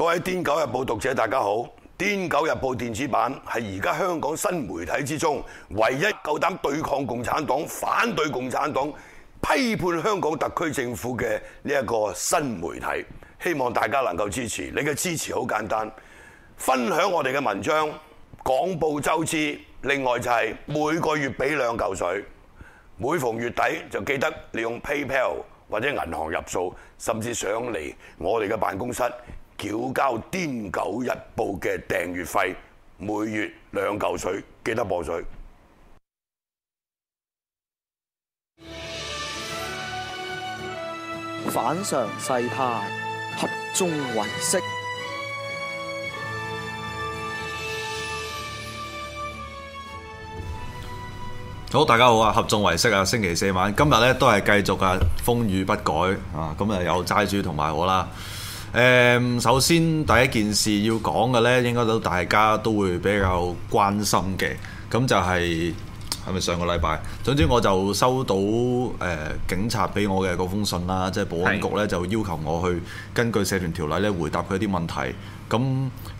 各位《癲狗日報》讀者，大家好，《癲狗日報》電子版係而家香港新媒體之中唯一夠膽對抗共產黨、反對共產黨、批判香港特區政府嘅呢一個新媒體，希望大家能夠支持。你嘅支持好簡單，分享我哋嘅文章廣報周知。另外就係每個月俾兩嚿水，每逢月底就記得你用 PayPal 或者銀行入數，甚至上嚟我哋嘅辦公室。繳交《癲狗日報》嘅訂閱費，每月兩嚿水，記得報水。反常世態，合眾唯識。好，大家好啊！合眾唯識啊！星期四晚，今日咧都係繼續啊，風雨不改啊！咁啊，有齋主同埋我啦。誒，首先第一件事要講嘅呢，應該都大家都會比較關心嘅，咁就係係咪上個禮拜？總之我就收到誒、呃、警察俾我嘅嗰封信啦，即係保安局呢，就要求我去根據社團條例咧回答佢啲問題。咁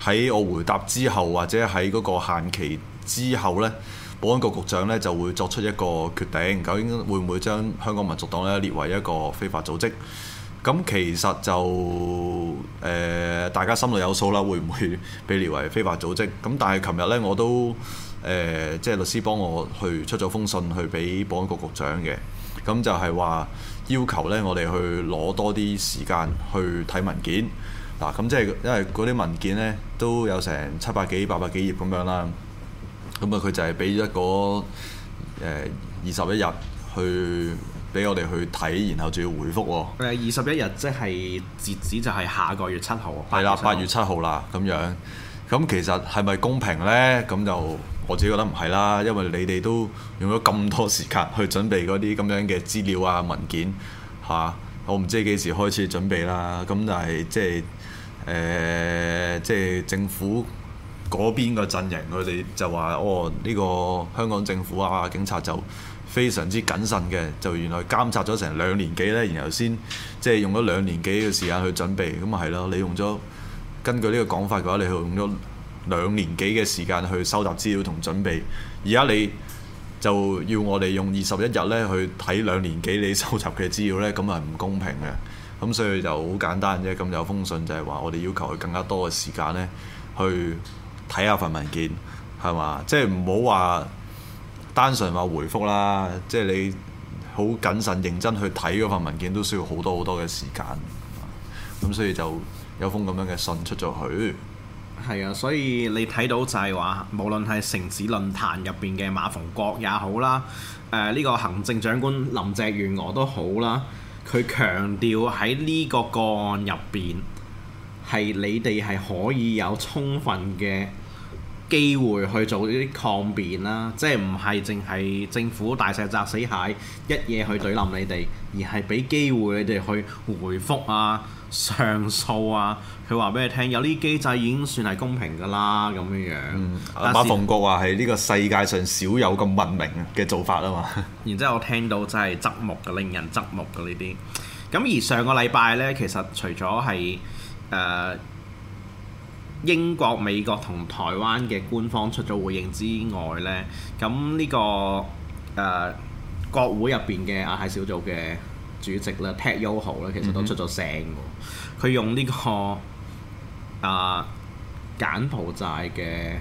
喺我回答之後，或者喺嗰個限期之後呢，保安局局長呢，就會作出一個決定，究竟會唔會將香港民族黨呢，列為一個非法組織？咁其實就誒、呃、大家心裡有數啦，會唔會被列為非法組織？咁但係琴日呢，我都誒即係律師幫我去出咗封信去俾保安局局長嘅，咁就係話要求呢，我哋去攞多啲時間去睇文件。嗱，咁即係因為嗰啲文件呢，都有成七百幾、八百幾頁咁樣啦，咁啊佢就係俾一個二十一日去，俾我哋去睇，然後仲要回覆喎、誒。二十一日即係截止，就係下個月七號。係啦，八 月七號啦，咁樣。咁其實係咪公平呢？咁就我自己覺得唔係啦，因為你哋都用咗咁多時間去準備嗰啲咁樣嘅資料啊、文件嚇、啊。我唔知幾時開始準備啦。咁但係即係政府嗰邊個陣營，佢哋就話：哦，呢、呢個香港政府啊，警察就。非常之謹慎嘅，就原來監察咗成兩年幾呢。然後先即係用咗兩年幾嘅時間去準備，咁咪係咯？你用咗根據呢個講法嘅話，你用咗兩年幾嘅時間去收集資料同準備，而家你就要我哋用二十一日呢去睇兩年幾你收集嘅資料呢，咁咪唔公平嘅？咁所以就好簡單啫。咁有封信就係話我哋要求佢更加多嘅時間呢去睇下份文件，係嘛？即係唔好話。單純話回覆啦，即係你好謹慎認真去睇嗰份文件，都需要好多好多嘅時間。咁所以就有封咁樣嘅信出咗去。係啊，所以你睇到就係話，無論係城市論壇入邊嘅馬逢國也好啦，誒呢個行政長官林鄭月娥都好啦，佢強調喺呢個個案入邊係你哋係可以有充分嘅機會去做呢啲抗辯啦，即係唔係淨係政府大石砸死蟹，一嘢去對冧你哋，而係俾機會你哋去回覆啊、上訴啊，佢話俾你聽，有啲機制已經算係公平㗎啦咁樣樣。嗯，是馬逢國話係呢個世界上少有咁文明嘅做法啊嘛。 然之後我聽到真係側目嘅，令人側目嘅呢啲。咁而上個禮拜呢，其實除咗係誒、呃英國、美國同台灣嘅官方出咗回應之外咧，咁呢、這個誒、呃、國會入邊嘅亞太小組嘅主席啦，Ted Yoho 咧，Yo ho，其實都出咗聲喎。佢、嗯、哼用呢、這個誒、呃、柬埔寨嘅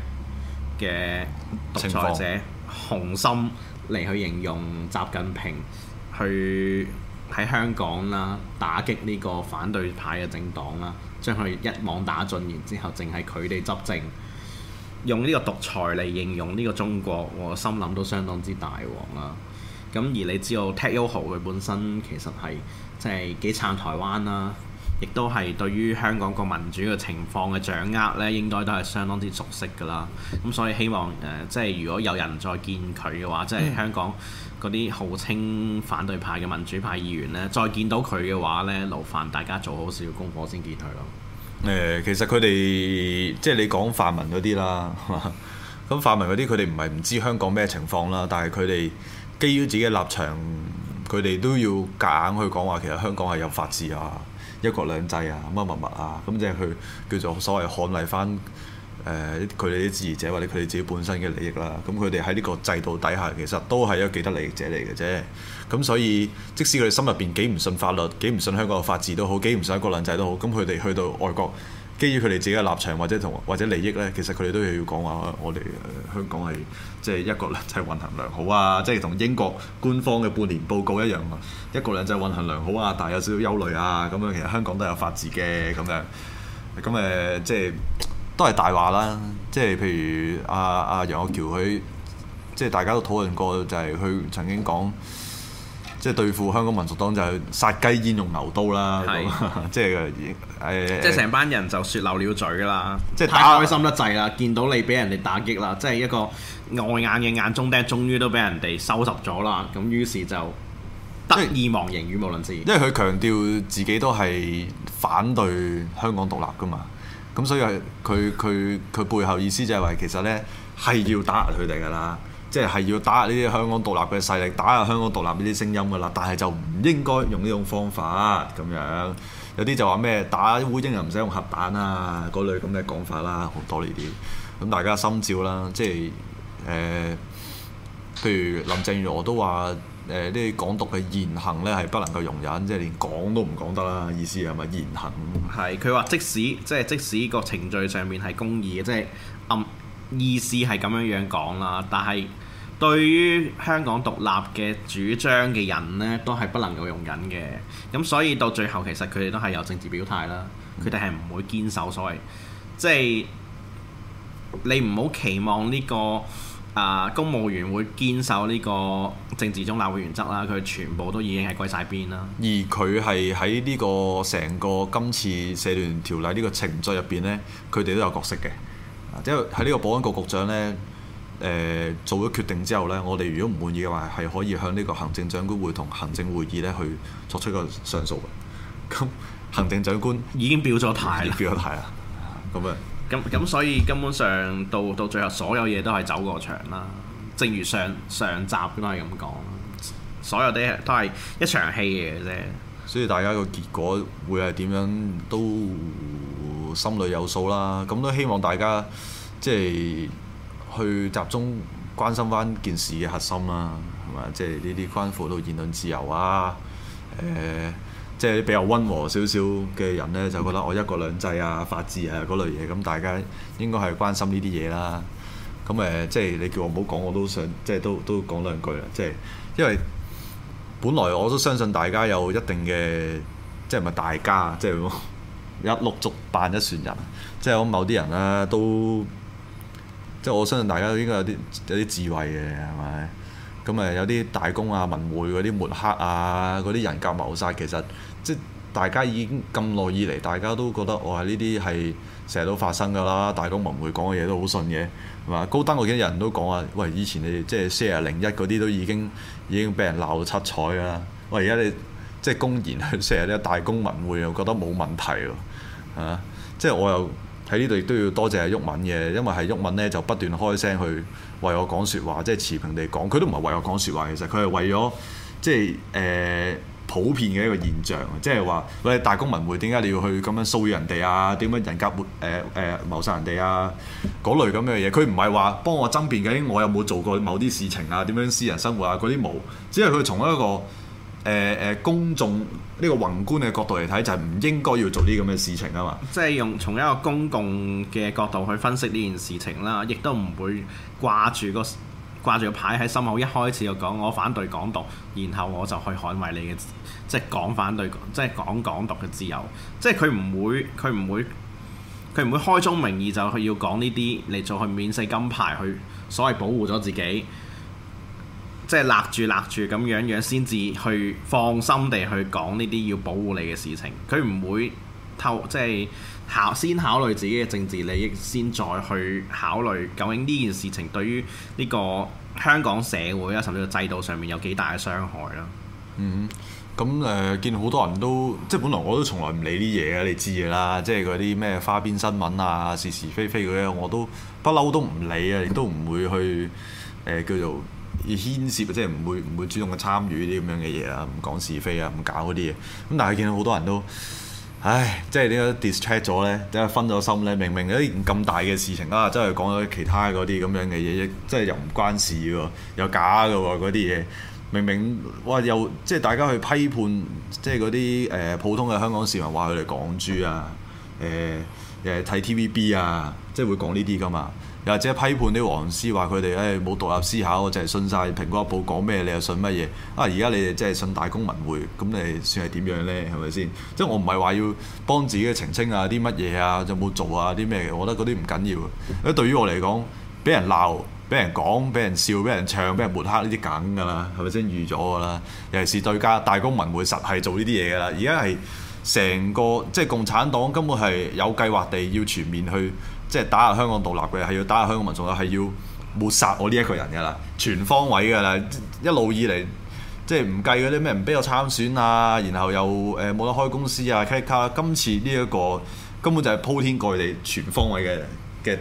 嘅獨裁者況洪森嚟去形容習近平去喺香港啦，打擊呢個反對派嘅政黨啦。將佢一網打盡，然之後淨係佢哋執政，用呢個獨裁嚟形容呢個中國，我心諗都相當之大鑊喇。咁而你知道戴耀廷佢本身其實係即係幾撐台灣啦，亦都係對於香港個民主嘅情況嘅掌握呢，應該都係相當之熟悉噶啦。咁所以希望誒、呃，即係如果有人再見佢嘅話，嗯、即係香港。嗰啲號稱反對派嘅民主派議員呢，再見到佢嘅話呢，勞煩大家做好少功課先見佢咯。誒，其實佢哋即係你講泛民嗰啲啦，咁泛民嗰啲佢哋唔係唔知香港咩情況啦，但係佢哋基於自己嘅立場，佢哋都要夾硬去講話，其實香港係有法治啊、一國兩制啊、乜乜乜啊，咁即係去叫做所謂捍衞翻。誒，佢哋啲支持者或者佢哋自己本身嘅利益啦，咁佢哋喺呢個制度底下，其實都係一個既得利益者嚟嘅啫。咁所以，即使佢哋心入邊幾唔信法律，幾唔信香港嘅法治都好，幾唔信一國兩制都好，咁佢哋去到外國，基於佢哋自己嘅立場或者同或者利益呢，其實佢哋都要講話我哋、呃、香港係即係一國兩制運行良好啊，即係同英國官方嘅半年報告一樣啊，一國兩制運行良好啊，但係有少少憂慮啊。咁樣其實香港都有法治嘅咁樣咁誒、呃，即係。都係大話啦，即係譬如阿、啊、阿、啊、楊岳橋佢，即係大家都討論過，就係、是、佢曾經講，即、就、係、是、對付香港民族黨就係殺雞焉用牛刀啦，即係誒。即係成、哎、班人就説漏了嘴啦，即係太開心得滯啦，見到你俾人哋打擊啦，即係一個外眼嘅眼中釘，終於都俾人哋收拾咗啦，咁於是就得意忘形語是無倫次是，因為佢強調自己都係反對香港獨立噶嘛。咁、嗯、所以佢佢佢背後意思就係話，其實咧係要打壓佢哋噶啦，即係係要打壓呢啲香港獨立嘅勢力，打壓香港獨立呢啲聲音噶啦，但係就唔應該用呢種方法，咁樣。有啲就話咩打烏蠅又唔使用核彈啊嗰類咁嘅講法啦，好多呢啲。咁、嗯、大家心照啦，即係誒，譬、呃、如林鄭月娥都話。呢啲、呃、港獨嘅言行咧係不能夠容忍，即係連講都唔講得啦，意思係咪言行？係，佢話，即使即係即使個程序上面係公義嘅，即係暗、嗯、意思係咁樣樣講啦。但係對於香港獨立嘅主張嘅人咧，都係不能夠容忍嘅。咁所以到最後，其實佢哋都係有政治表態啦。佢哋係唔會堅守所謂，即係你唔好期望呢、這個。啊！公務員會堅守呢個政治中立嘅原則啦，佢全部都已經係歸晒邊啦。而佢係喺呢個成個今次社團條例呢個程序入邊呢，佢哋都有角色嘅。即係喺呢個保安局局長呢，誒、呃、做咗決定之後呢，我哋如果唔滿意嘅話，係可以向呢個行政長官會同行政會議呢去作出一個上訴嘅。咁 行政長官已經表咗態啦， 表咗態啊！咁啊～咁咁所以根本上，到到最後所有嘢都係走過場啦，正如上上集都係咁講，所有啲都係一場戲嘅啫。所以大家個結果會係點樣都心裏有數啦。咁都希望大家即係去集中關心翻件事嘅核心啦，係嘛？即係呢啲關乎到言論自由啊，誒、呃。即係比較溫和少少嘅人呢，就覺得我一國兩制啊、法治啊嗰類嘢，咁大家應該係關心呢啲嘢啦。咁誒，即係你叫我唔好講，我都想即係都都講兩句啦。即係因為本來我都相信大家有一定嘅，即係唔係大家即係一碌竹扮一船人，即係我某啲人咧、啊、都即係我相信大家都應該有啲有啲智慧嘅係咪？咁誒有啲大公啊、文匯嗰啲抹黑啊、嗰啲人格謀殺，其實。即大家已經咁耐以嚟，大家都覺得，我哇！呢啲係成日都發生㗎啦，大公文匯講嘅嘢都好信嘅，係嘛？高登幾多人都講話、啊，喂！以前你哋即係四廿零一嗰啲都已經已經俾人鬧到七彩㗎啦，喂！而家你即係公然去成日咧大公文匯又覺得冇問題喎，係嘛？即係我又喺呢度亦都要多謝毓民嘅，因為係毓民咧就不斷開聲去為我講説話，即係持平地講，佢都唔係為我講説話，其實佢係為咗即係誒。呃普遍嘅一個現象，即係話喂大公文匯點解你要去咁樣騷擾人哋啊？點樣人格抹誒誒謀殺人哋啊？嗰類咁嘅嘢，佢唔係話幫我爭辯緊我有冇做過某啲事情啊？點樣私人生活啊？嗰啲冇，只係佢從一個誒誒、呃、公眾呢個宏觀嘅角度嚟睇，就係、是、唔應該要做啲咁嘅事情啊嘛。即係用從一個公共嘅角度去分析呢件事情啦，亦都唔會掛住、那個。掛住個牌喺心口，一開始就講我反對港獨，然後我就去捍衞你嘅即係講反對即係講港獨嘅自由，即係佢唔會佢唔會佢唔會開宗明義就去要講呢啲嚟做去免死金牌，去所謂保護咗自己，即係勒住勒住咁樣樣先至去放心地去講呢啲要保護你嘅事情，佢唔會偷即係。考先考慮自己嘅政治利益，先再去考慮究竟呢件事情對於呢個香港社會啊，甚至個制度上面有幾大嘅傷害啦。嗯，咁誒、呃、見好多人都，即係本來我都從來唔理啲嘢嘅，你知嘅啦。即係嗰啲咩花邊新聞啊、是是非非嗰啲，我都，都不嬲都唔理啊，亦都唔會去誒、呃、叫做牽涉，即係唔會唔會主動嘅參與呢啲咁樣嘅嘢啊，唔講是非啊，唔搞嗰啲嘢。咁但係見到好多人都。唉，即係點解 distract 咗呢，即係分咗心呢。明明有啲咁大嘅事情啊，真係講咗其他嗰啲咁樣嘅嘢，即係又唔關事喎，又假嘅喎，嗰啲嘢。明明哇，又即係大家去批判，即係嗰啲誒普通嘅香港市民話佢哋港豬啊，誒、呃、誒睇 TVB 啊，即係會講呢啲㗎嘛。又或者批判啲黃絲話佢哋誒冇獨立思考，就係信晒蘋果日報講咩，你又信乜嘢？啊！而家你哋即係信大公文匯，咁你算係點樣呢？係咪先？即係我唔係話要幫自己澄清啊，啲乜嘢啊，有冇做啊，啲咩嘅？我覺得嗰啲唔緊要。對於我嚟講，俾人鬧、俾人講、俾人笑、俾人唱、俾人抹黑，呢啲梗㗎啦，係咪先預咗㗎啦？尤其是對家大公文匯實係做呢啲嘢㗎啦。而家係成個即係共產黨根本係有計劃地要全面去。即係打壓香港獨立嘅，係要打壓香港民眾啊，係要抹殺我呢一個人㗎啦，全方位㗎啦，一路以嚟即係唔計嗰啲咩唔俾我參選啊，然後又誒冇得開公司啊，卡卡，卡，今次呢、這、一個根本就係鋪天蓋地全方位嘅嘅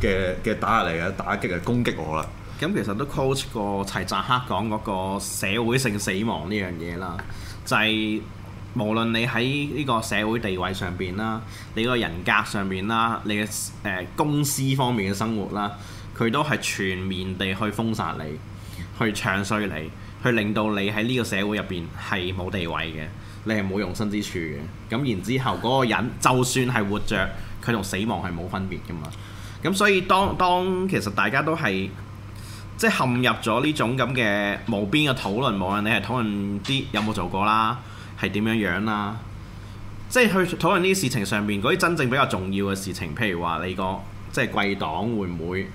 嘅嘅打壓嚟嘅打擊，係攻擊我啦。咁其實都 coach 過齊澤克講嗰個社會性死亡呢樣嘢啦，就係、是。無論你喺呢個社會地位上邊啦，你嗰個人格上面啦，你嘅誒、呃、公私方面嘅生活啦，佢都係全面地去封殺你，去唱衰你，去令到你喺呢個社會入邊係冇地位嘅，你係冇容身之處嘅。咁然之後嗰個人就算係活着，佢同死亡係冇分別噶嘛。咁所以當當其實大家都係即係陷入咗呢種咁嘅無邊嘅討論網，無論你係討論啲有冇做過啦。係點樣樣、啊、啦？即係去討論呢啲事情上面，嗰啲真正比較重要嘅事情，譬如話你個即係貴黨會唔會。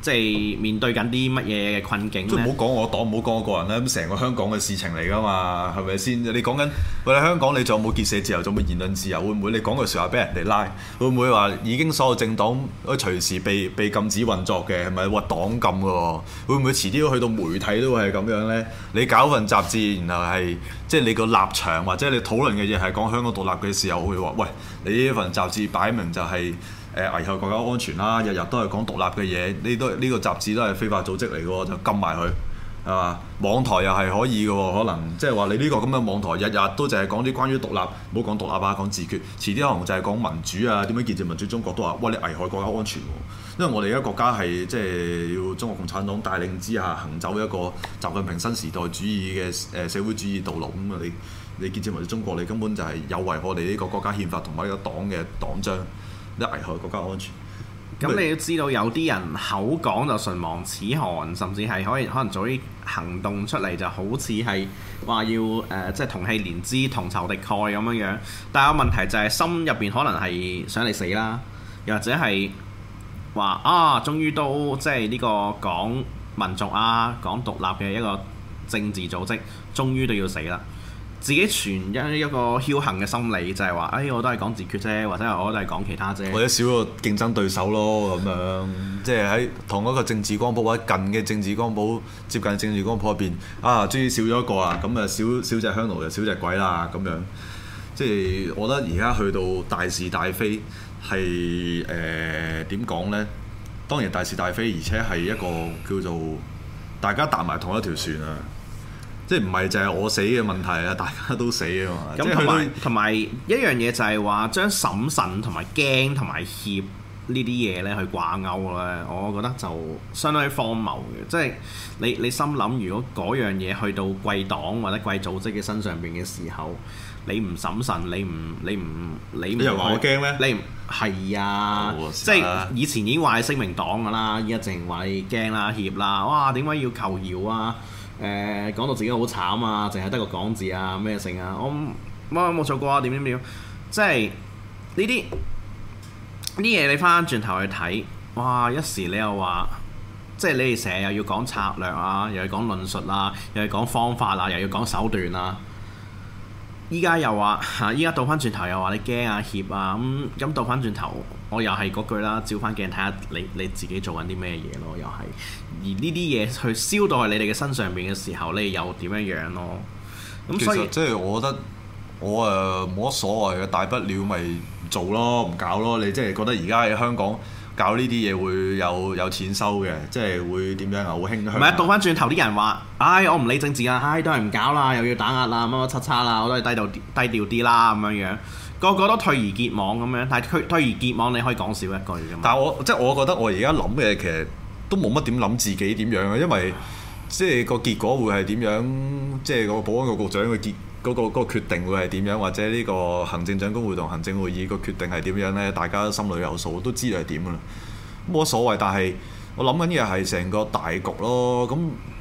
即係面對緊啲乜嘢嘅困境，即係唔好講我黨，唔好講我個人啦。咁成個香港嘅事情嚟噶嘛？係咪先？你講緊喂，你香港你仲有冇結社自由？仲有冇言論自由？會唔會你講句説話俾人哋拉？會唔會話已經所有政黨隨時被被禁止運作嘅？係咪話黨禁㗎？會唔會遲啲去到媒體都會係咁樣呢？你搞份雜誌，然後係即係你個立場或者你討論嘅嘢係講香港獨立嘅時候，會話喂，你呢份雜誌擺明就係、是。誒危害國家安全啦，日日都係講獨立嘅嘢，你都呢、呢個雜誌都係非法組織嚟嘅喎，就禁埋佢係嘛？網台又係可以嘅喎，可能即係話你呢個咁嘅網台，日日都淨係講啲關於獨立，唔好講獨立啊，講自決。遲啲可能就係講民主啊，點樣建設民主中國都話喂，你危害國家安全、啊，因為我哋而家國家係即係要中國共產黨帶領之下行走一個習近平新時代主義嘅誒、呃、社會主義道路。咁啊，你你建設民主中國，你根本就係有違我哋呢個國家憲法同埋呢個黨嘅黨章。都危害國家安全。咁你都知道有啲人口講就唇亡齒寒，甚至係可以可能做啲行動出嚟、呃，就好似係話要誒，即係同氣連枝、同仇敵愾咁樣樣。但係個問題就係心入邊可能係想你死啦，又或者係話啊，終於都即係呢個講民族啊、講獨立嘅一個政治組織，終於都要死啦。自己存一一個僥倖嘅心理，就係、是、話，誒、哎，我都係講自決啫，或者我都係講其他啫。或者少個競爭對手咯，咁樣， 即係喺同一個政治光譜或者近嘅政治光譜、接近政治光譜入邊，啊，終於少咗一個啊，咁啊，少少隻香爐就少隻鬼啦，咁樣。即係我覺得而家去到大是大非是，係誒點講呢？當然大是大非，而且係一個叫做大家搭埋同一條船啊！即係唔係淨係我死嘅問題啊？大家都死嘅嘛。咁同埋同埋一樣嘢就係話將審慎同埋驚同埋怯呢啲嘢咧去掛鈎咧，我覺得就相當於荒謬嘅。即係你你心諗，如果嗰樣嘢去到貴黨或者貴組織嘅身上邊嘅時候，你唔審慎，你唔你唔你唔你話我驚咩？你唔，係不啊，好即係以前已經話係聲明黨噶啦，依家淨話你驚啦、怯啦，哇！點解要求饒啊？誒、呃、講到自己好慘啊，淨係得個講字啊，咩剩啊，我冇冇做過啊？點點點，即係呢啲呢啲嘢，你翻轉頭去睇，哇！一時你又話，即係你哋成日又要講策略啊，又要講論述啊，又要講方法啊，又要講手段啊。依家又話，依家倒翻轉頭又話你驚啊、怯啊，咁咁倒翻轉頭，我又係嗰句啦，照翻鏡睇下你你自己做緊啲咩嘢咯，又係而呢啲嘢去燒到喺你哋嘅身上邊嘅時候，你又點樣樣咯？咁所以，即係我覺得我誒冇乜所謂嘅，大不了咪唔做咯，唔搞咯。你即係覺得而家喺香港。搞呢啲嘢會有有錢收嘅，即係會點樣啊？好興啊！唔係啊，倒翻轉頭啲人話：唉，我唔理政治啦，唉，都係唔搞啦，又要打壓啦，乜乜七叉啦，我都係低度低調啲啦，咁樣樣個個都退而結網咁樣。但係退退而結網，你可以講少一句嘅嘛。但係我即係我覺得我而家諗嘅其實都冇乜點諗自己點樣啊，因為即係個結果會係點樣？即係個保安局局長嘅結。嗰、那個、那個決定會係點樣，或者呢個行政長官會同行政會議個決定係點樣呢？大家心裏有數，都知係點噶啦。冇我所謂，但係我諗緊嘅係成個大局咯。咁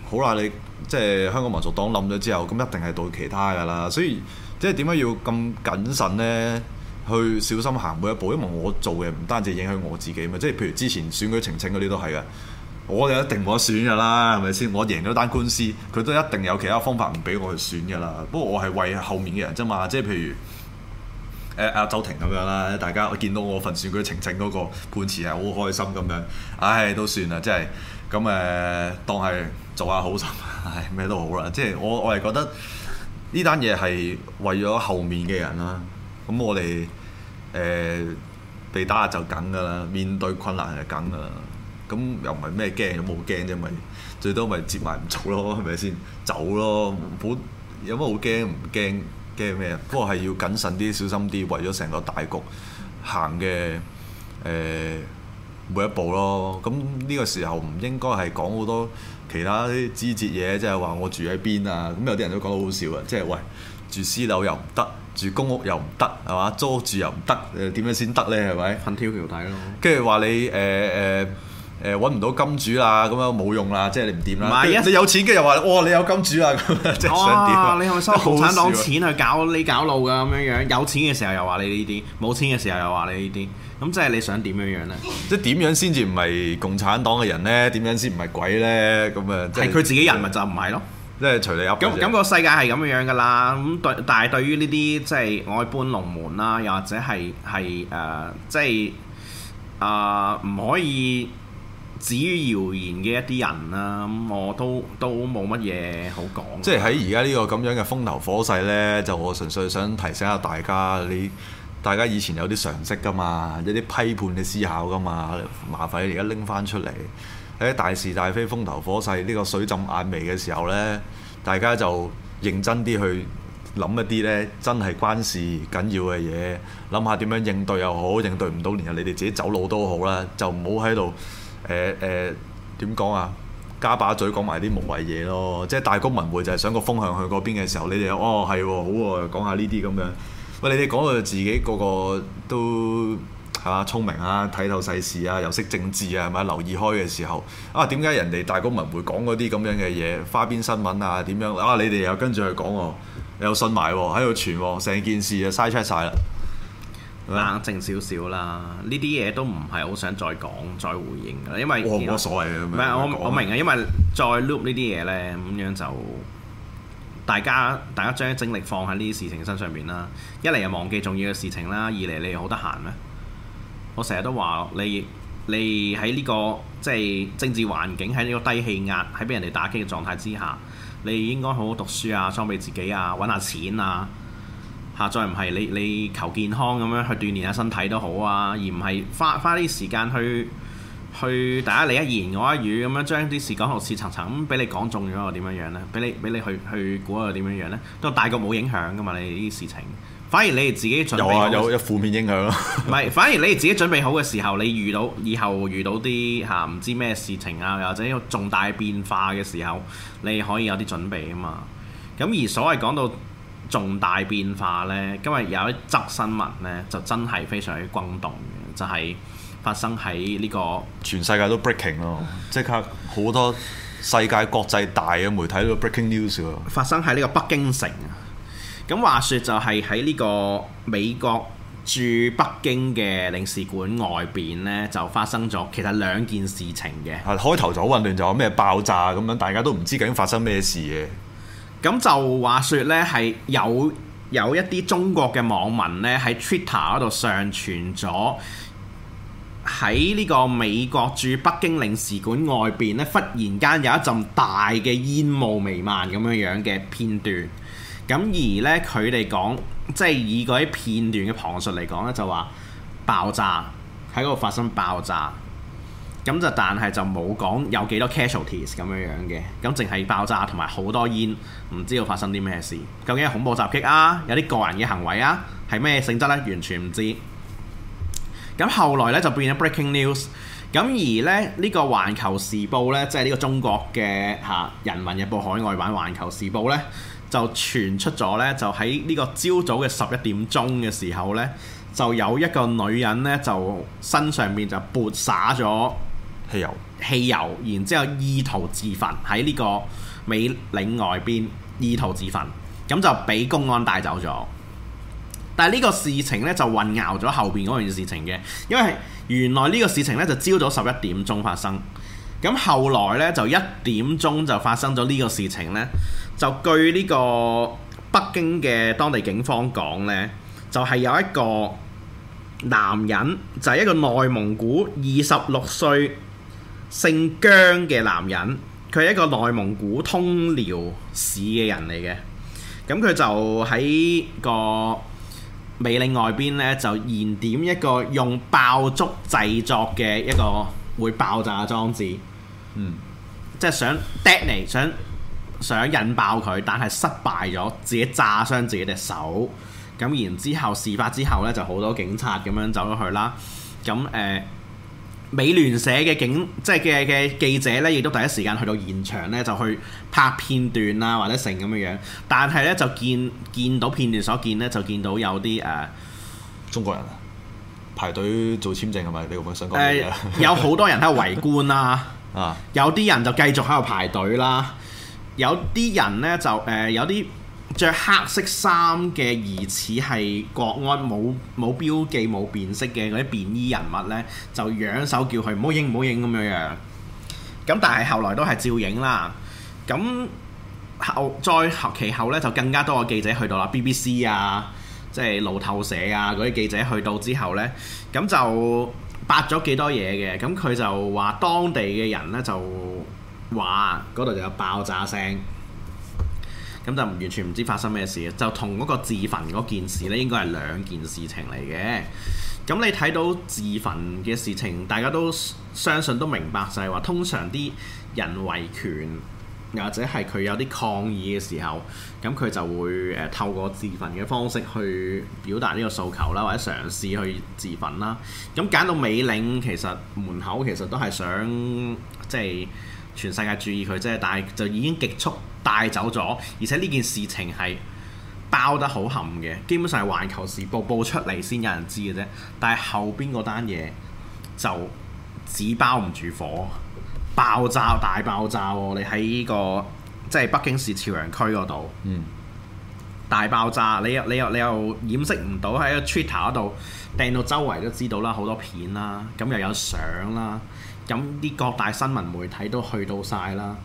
好啦，你即係香港民族黨諗咗之後，咁一定係到其他噶啦。所以即係點解要咁謹慎呢？去小心行每一步，因為我做嘅唔單止影響我自己嘛。即係譬如之前選舉澄清嗰啲都係嘅。我哋一定冇得選噶啦，係咪先？我贏咗單官司，佢都一定有其他方法唔俾我去選噶啦。不過我係為後面嘅人啫嘛，即係譬如誒阿、呃啊、周庭咁樣啦，大家我見到我份選舉呈請嗰個判詞係好開心咁樣，唉都算啦，即係咁誒當係做下好心，唉咩都好啦，即係我我係覺得呢單嘢係為咗後面嘅人啦。咁我哋誒、呃、被打壓就梗噶啦，面對困難係梗噶啦。咁又唔係咩驚，冇驚啫，咪最多咪接埋唔做咯，係咪先走咯？冇有乜好驚，唔驚驚咩啊？不過係要謹慎啲、小心啲，為咗成個大局行嘅誒、呃、每一步咯。咁、嗯、呢、這個時候唔應該係講好多其他啲枝節嘢，即係話我住喺邊啊。咁、嗯、有啲人都講得好笑啊，即、就、係、是、喂住私樓又唔得，住公屋又唔得，係嘛租住又唔得，誒、呃、點樣先得咧？係咪瞓條橋底咯？跟住話你誒誒。呃呃呃誒揾唔到金主啊，咁樣冇用啦，即係你唔掂啦。唔係啊，你有錢嘅又話，哇、哦！你有金主啊，即係想點啊，你係咪收共產黨錢去搞你搞路㗎咁樣樣？有錢嘅時候又話你呢啲，冇錢嘅時候又話你呢啲。咁即係你想點樣樣咧？即係點樣先至唔係共產黨嘅人咧？點樣先唔係鬼咧？咁啊，係佢自己人咪就唔係咯？即係除你阿咁咁個世界係咁樣嘅啦。咁對，但係對於呢啲即係愛搬龍門啦，又或者係係誒，即係啊唔可以。至於謠言嘅一啲人啦，咁我都都冇乜嘢好講。即係喺而家呢個咁樣嘅風頭火勢呢，就我純粹想提醒下大家，你大家以前有啲常識噶嘛，一啲批判嘅思考噶嘛，麻煩你而家拎翻出嚟喺大是大非、風頭火勢呢個水浸眼眉嘅時候呢，大家就認真啲去諗一啲呢真係關事緊要嘅嘢，諗下點樣應對又好，應對唔到，然後你哋自己走路都好啦，就唔好喺度。誒誒點講啊？加把嘴講埋啲無謂嘢咯，即係大公文匯就係想個風向去嗰邊嘅時候，你哋哦係、哦、好喎、哦，講下呢啲咁樣。喂、呃，你哋講到自己個個都係嘛聰明啊，睇透世事啊，又識政治啊，係咪留意開嘅時候啊？點解人哋大公文匯講嗰啲咁樣嘅嘢花邊新聞啊？點樣啊？你哋又跟住去講喎、哦，又信埋喎、哦，喺度傳喎、哦，成件事就嘥出晒啦～冷靜少少啦，呢啲嘢都唔係好想再講再回應嘅，因為我冇所謂嘅。唔係惡我明啊，因為再 loop 呢啲嘢呢，咁樣就大家大家將精力放喺呢啲事情身上邊啦。一嚟又忘記重要嘅事情啦，二嚟你又好得閒咩？我成日都話你，你喺呢個即係政治環境喺呢個低氣壓，喺俾人哋打擊嘅狀態之下，你應該好好讀書啊，裝備自己啊，揾下錢啊。再唔係你你求健康咁樣去鍛鍊下身體都好啊，而唔係花花啲時間去去大家你一言我一語咁樣將啲事講似層層，咁俾你講中咗又點樣樣咧？俾你俾你去去估又點樣樣咧？都大個冇影響噶嘛，你啲事情，反而你哋自己準備有啊有有負面影響咯。唔係，反而你哋自己準備好嘅時候，你遇到以後遇到啲嚇唔知咩事情啊，或者一重大變化嘅時候，你可以有啲準備啊嘛。咁而所謂講到重大變化呢，今日有一則新聞呢，就真係非常之轟動嘅，就係發生喺呢個全世界都 breaking 咯，即刻好多世界國際大嘅媒體都 breaking news 喎。發生喺呢個，個北京城啊，咁話說就係喺呢個美國駐北京嘅領事館外邊呢，就發生咗其實兩件事情嘅。係開頭就好混亂，就咩爆炸咁樣，大家都唔知究竟發生咩事嘅。咁就話說呢，係有有一啲中國嘅網民呢，喺 Twitter 嗰度上傳咗喺呢個美國駐北京領事館外邊呢，忽然間有一陣大嘅煙霧彌漫咁樣樣嘅片段。咁而呢，佢哋講即係以嗰啲片段嘅旁述嚟講呢就話爆炸喺嗰度發生爆炸。咁就但係就冇講有幾多 casualties 咁樣樣嘅，咁淨係爆炸同埋好多煙，唔知道發生啲咩事。究竟係恐怖襲擊啊，有啲個人嘅行為啊，係咩性質呢？完全唔知。咁後來呢，就變咗 breaking news，咁而呢呢個《環球時報》呢，即係呢個中國嘅嚇《人民日報》海外版《環球時報》呢，就傳出咗呢，就喺呢個朝早嘅十一點鐘嘅時候呢，就有一個女人呢，就身上面就潑灑咗。汽油，汽油，然之後意圖自焚喺呢個美領外邊，意圖自焚，咁就俾公安帶走咗。但係呢個事情呢，就混淆咗後邊嗰樣事情嘅，因為原來呢個事情呢，就朝早十一點鐘發生，咁後來呢，就一點鐘就發生咗呢個事情呢。就據呢個北京嘅當地警方講呢，就係有一個男人就係一個內蒙古二十六歲。姓姜嘅男人，佢係一個內蒙古通遼市嘅人嚟嘅，咁佢就喺個美領外邊呢，就燃點一個用爆竹製作嘅一個會爆炸嘅裝置，嗯，即係想掟嚟，想想引爆佢，但係失敗咗，自己炸傷自己隻手，咁然之後事發之後呢，就好多警察咁樣走咗去啦，咁誒。呃美聯社嘅警即係嘅嘅記者呢，亦都第一時間去到現場呢，就去拍片段啊，或者成咁嘅樣。但係呢，就見見到片段所見呢，就見到有啲誒、呃、中國人啊排隊做簽證係咪？你有冇想講、呃？有好多人喺度圍觀啦、啊， 有啲人就繼續喺度排隊啦、啊，有啲人呢，就誒、呃、有啲。着黑色衫嘅疑似係國安冇冇標記冇辨識嘅嗰啲便衣人物呢，就揚手叫佢唔好影唔好影咁樣樣。咁但係後來都係照影啦。咁後再後其後呢，就更加多個記者去到啦，BBC 啊，即係路透社啊嗰啲、那個、記者去到之後呢，咁就拍咗幾多嘢嘅。咁佢就話當地嘅人呢，就話嗰度就有爆炸聲。咁就完全唔知發生咩事，就同嗰個自焚嗰件事咧，應該係兩件事情嚟嘅。咁你睇到自焚嘅事情，大家都相信都明白，就係、是、話通常啲人維權，又或者係佢有啲抗議嘅時候，咁佢就會誒、呃、透過自焚嘅方式去表達呢個訴求啦，或者嘗試去自焚啦。咁揀到美領，其實門口其實都係想即係、就是、全世界注意佢啫，但係就已經極速，帶走咗，而且呢件事情係包得好冚嘅，基本上係《環球時報》報出嚟先有人知嘅啫。但係後邊嗰單嘢就紙包唔住火，爆炸大爆炸喎、哦！你喺呢、這個即係、就是、北京市朝陽區嗰度，嗯，大爆炸，你又你又你，你又掩飾唔到喺個 Twitter 嗰度掟到周圍都知道啦，好多片啦、啊，咁又有相啦、啊，咁啲各大新聞媒體都去到晒啦。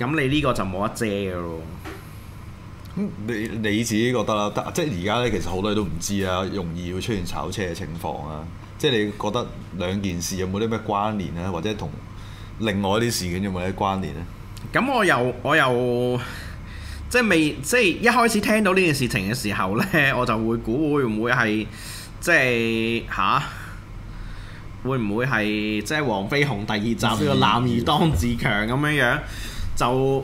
咁你呢個就冇得遮嘅咯。你你自己覺得啦，即係而家呢，其實好多人都唔知啊，容易會出現炒車嘅情況啊。即係你覺得兩件事有冇啲咩關聯啊？或者同另外啲事件有冇啲關聯咧？咁我又我又即係未即係一開始聽到呢件事情嘅時候呢，我就會估會唔會係即係吓、啊，會唔會係即係黃飛鴻第二集呢是個男兒當自強咁樣樣？ 就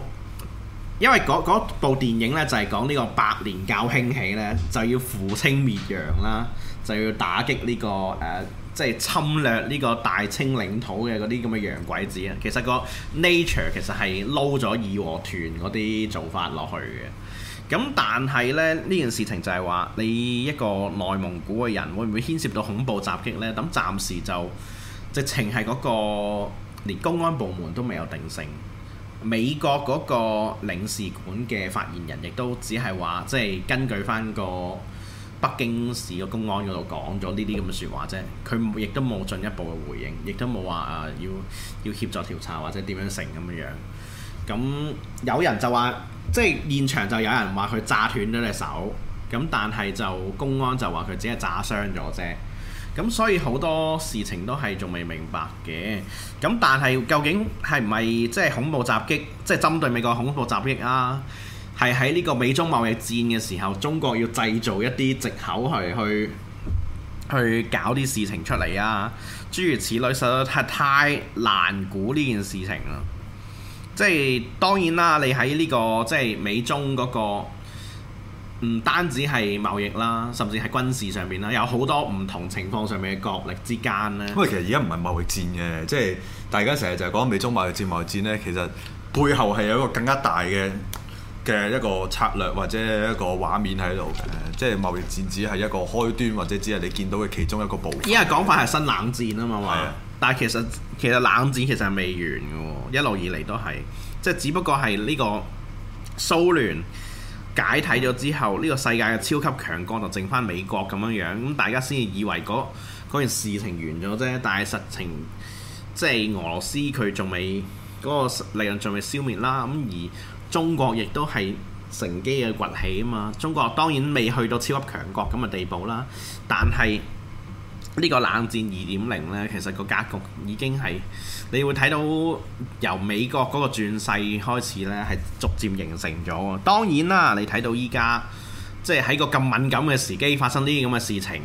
因為嗰部電影呢，就係、是、講呢個百年教興起呢，就要扶清滅洋啦，就要打擊呢、這個誒，即、呃、係、就是、侵略呢個大清領土嘅嗰啲咁嘅洋鬼子啊。其實個 nature 其實係撈咗義和團嗰啲做法落去嘅。咁但係呢，呢、這、件、個、事情就係話你一個內蒙古嘅人會唔會牽涉到恐怖襲擊呢？咁暫時就直情係嗰個連公安部門都未有定性。美國嗰個領事館嘅發言人亦都只係話，即係根據翻個北京市個公安嗰度講咗呢啲咁嘅説話啫。佢亦都冇進一步嘅回應，亦都冇話誒，要要協助調查或者點樣成咁樣樣。咁有人就話，即係現場就有人話佢炸斷咗隻手，咁但係就公安就話佢只係炸傷咗啫。咁所以好多事情都係仲未明白嘅，咁但係究竟係唔係即係恐怖襲擊，即係針對美國恐怖襲擊啊？係喺呢個美中貿易戰嘅時候，中國要製造一啲藉口係去去、去搞啲事情出嚟啊？諸如此類，實在係太難估呢件事情啦。即係當然啦，你喺呢個即係美中嗰個。唔單止係貿易啦，甚至係軍事上面啦，有好多唔同情況上面嘅角力之間呢。因為其實而家唔係貿易戰嘅，即係大家成日就係講美中貿易戰、貿易戰呢，其實背後係有一個更加大嘅嘅一個策略或者一個畫面喺度嘅，即係貿易戰只係一個開端或者只係你見到嘅其中一個部分。依家講法係新冷戰啊嘛嘛，係，但係其實其實冷戰其實係未完嘅喎，一路以嚟都係，即係只不過係呢個蘇聯解體咗之後，呢個世界嘅超級強國就剩返美國咁樣樣，咁大家先至以為嗰件事情完咗啫。但係實情即係俄羅斯佢仲未嗰個力量仲未消滅啦。咁而中國亦都係乘機嘅崛起啊嘛。中國當然未去到超級強國咁嘅地步啦，但係呢個冷戰二點零咧，其實個格局已經係。你會睇到由美國嗰個轉世開始呢，係逐漸形成咗。當然啦，你睇到依家即係喺個咁敏感嘅時機發生啲咁嘅事情，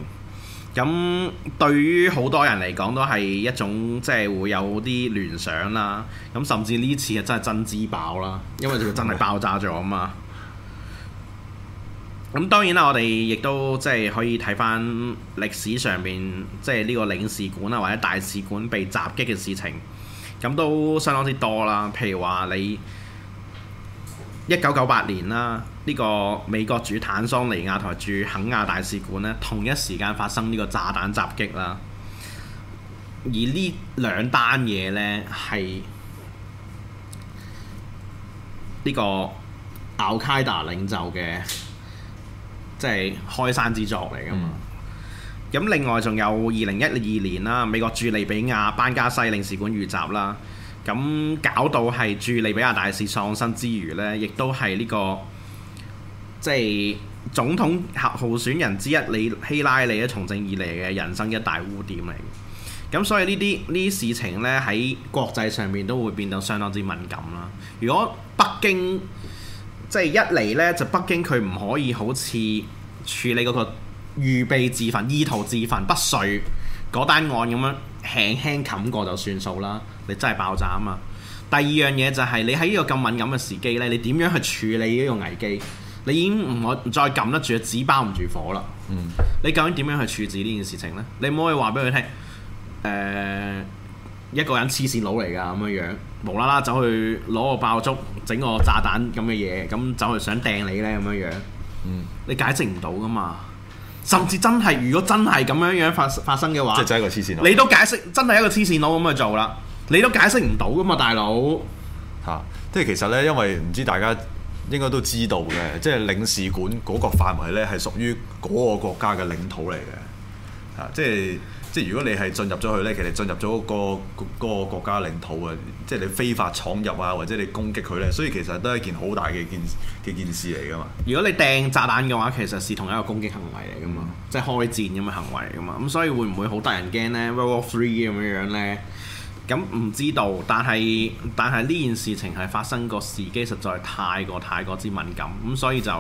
咁對於好多人嚟講都係一種即係會有啲聯想啦。咁甚至呢次啊，真係真之爆啦，因為佢、就是、真係爆炸咗啊嘛。咁當然啦，我哋亦都即係可以睇翻歷史上面，即係呢個領事館啊或者大使館被襲擊嘅事情。咁都相當之多啦，譬如話你一九九八年啦，呢個美國駐坦桑尼亞同埋駐肯亞大使館呢，同一時間發生呢個炸彈襲擊啦。而呢兩單嘢呢，係呢個奧卡達領袖嘅即係開山之作嚟噶嘛。嗯咁另外仲有二零一二年啦，美國駐利比亞班加西領事館遇襲啦，咁搞到係駐利比亞大使喪生之餘呢，亦都係呢個即係、就是、總統候選人之一李希拉里咧，從政以嚟嘅人生一大污點嚟。咁所以呢啲呢啲事情呢，喺國際上面都會變到相當之敏感啦。如果北京即係、就是、一嚟呢，就北京佢唔可以好似處理嗰、那個。預備自焚，意圖自焚不遂嗰單案咁樣輕輕冚過就算數啦。你真係爆炸啊嘛！第二樣嘢就係、是、你喺呢個咁敏感嘅時機呢，你點樣去處理呢個危機？你已經唔再撳得住，紙包唔住火啦。嗯、你究竟點樣去處置呢件事情呢？你唔可以話俾佢聽，誒、呃、一個人黐線佬嚟㗎咁樣樣，無啦啦走去攞個爆竹整個炸彈咁嘅嘢，咁走去想掟你呢，咁樣樣。嗯、你解釋唔到㗎嘛？甚至真係，如果真係咁樣樣發發生嘅話，即係一個黐線佬，你都解釋真係一個黐線佬咁去做啦，你都解釋唔到噶嘛，大佬嚇。即係、啊、其實呢，因為唔知大家應該都知道嘅，即係領事館嗰個範圍呢係屬於嗰個國家嘅領土嚟嘅，嚇、啊，即係。即係如果你係進入咗去呢，其實進入咗、嗰個、嗰個國家領土啊，即係你非法闖入啊，或者你攻擊佢呢，所以其實都係一件好大嘅件嘅件事嚟噶嘛。如果你掟炸彈嘅話，其實係同一個攻擊行為嚟噶嘛，嗯、即係開戰咁嘅行為嚟噶嘛。咁所以會唔會好得人驚呢？World War Three 咁樣樣咧？咁唔知道，但係但係呢件事情係發生個時機實在太過太過之敏感，咁所以就。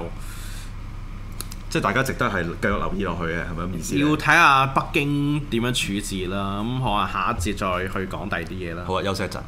即係大家值得係繼續留意落去嘅，係咪咁意思？要睇下北京點樣處置啦。咁我可能下一節再去講第二啲嘢啦。好啊，休息一陣。